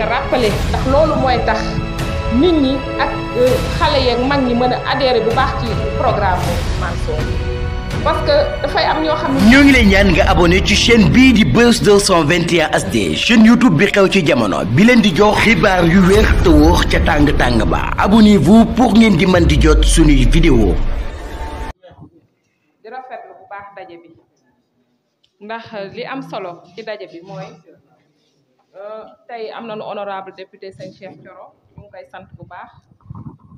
a rappeler ndax loolu mooy tax nit ñi ak euh, xale yeeg mag ñi mën a adhérer bu baax ci programme Mansour parce que dafay am ñoo xam ñoo ngi lay ñaan nga abonné ci chaîne bii di Buzz 221 HD chaîne YouTube bi xew ci jamono bi leen di jox xibaar yu te wóor ca tàng tàng ba vous pour ngeen di mën di jot suñuy vidéo di rafetlu bu baax daje bi ndax euh, li am solo ci daje bi mooy tay am nañu honorable député sëñ Cheikh Thioro ñu ngi koy sant bu baax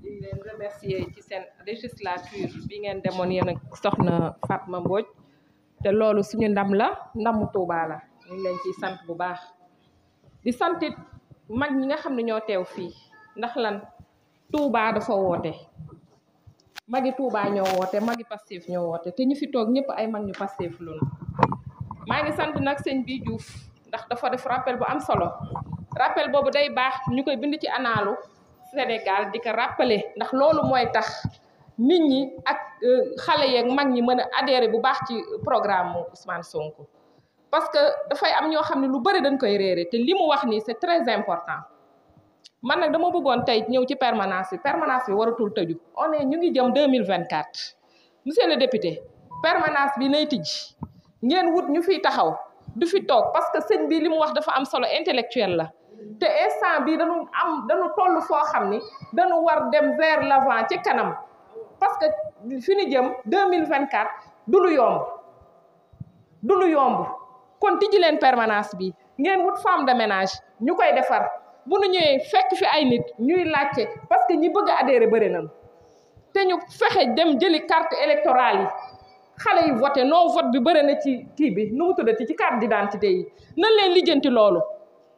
di leen remercier ci sen législature bi ngeen demoon yéen ak soxna Fatma Mbodj té loolu suñu ndam la ndamu Touba la ñu leen ci sant bu baax di santit mag ñi nga xam ne ñoo teew fii ndax lan Touba dafa woote magi Touba ñoo woote magi Pastef ñoo woote te ñu fi toog ñëpp ay mag ñu Pastef lu maa ngi sant nag sëñ bi Diouf ndax dafa def rappel bu am solo rappel boobu day baax ñu koy bind ci anaalu Sénégal di ko rappeler ndax loolu mooy tax nit ñi ak euh, xale yeeg mag ñi mën a adhéré bu baax ci programme mu Ousmane parce que dafay am ñoo xam ne lu bëri dañ koy réere te li mu wax nii c'est très important man nag dama bëggoon tey ñëw ci permanence bi permanence bi waratul tëju on est ñu ngi jëm deux mille vingt quatre mu le député permanence bi nay tijji ngeen wut ñu fiy taxaw. du fi tok parce que seigne bi limu wax dafa am solo intellectuel la te instant bi dañu am dañu tollu foo xamni dañu war dem vers l'avant ci kanam parce que fini jëm 2024 mille du lu yomb du lu yomb kon tijji len permanence bi ngeen wut femme de ménage ñu défar bu ñu ñëwee fekk fi ay nit ñuy laccé parce que ñi bëgg adhérer adhéré bëri nañu te ñu fexé dem jëli carte électorale yi xale yi voté noo vote bi bëri na ci kii bi nu mu tuddati ci carte d'identité yi nan leen lijjanti loolu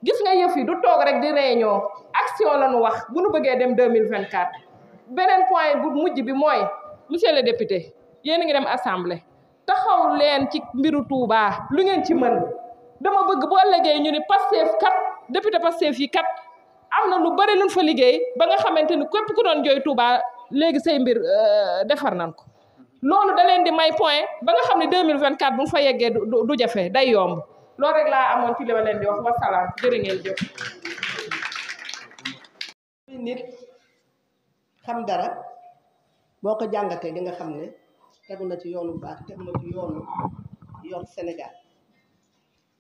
gis nga yëf yi du toog rek di réunion action la ñu wax bu nu bëggee dem 2024 beneen point bu mujj bi mooy monsieur le député yéen a ngi dem assemblée taxaw leen ci mbiru Touba lu ngeen ci mën dama bëgg boo ëllëgee ñu ni Pastef kat député Pastef yi kat am na lu bëri luñ fa liggéey ba nga xamante ni képp ku doon jooy Touba léegi say mbir euh, defar nan ko loolu da leen di may point ba nga xam ne 2024 bu ñu fa yeggee du jafe day yomb loolu rek laa amoon ci li ma leen di wax wasalaam jërë ngeen jëf nit xam dara boo ko jàngatee di nga xam ne tegu na ci yoonu baax tegu na yoonu yor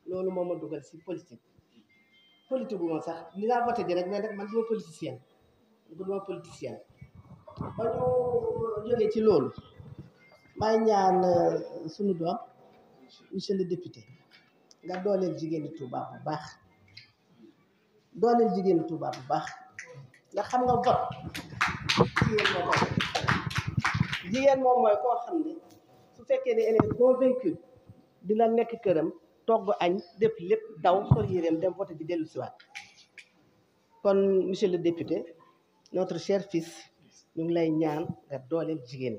loolu moo dugal si politique politique bu ma sax ni laa voté rek mais nag man duma politicien duma politicien ba ñu jógee ci loolu may ñaan euh, suñu doom monsieur le député nga dooleel jigéenu Touba bu baax dooleel jigéenu Touba bu baax nga xam nga vote jigéen moom mooy jigéen moom mooy koo xam ne su fekkee ne elle est convaincue dina nekk këram togg añ def lépp daw sol yéreem dem vote di dellu siwaat kon monsieur le député notre cher fils ñu ngi lay ñaan nga dooleel jigéen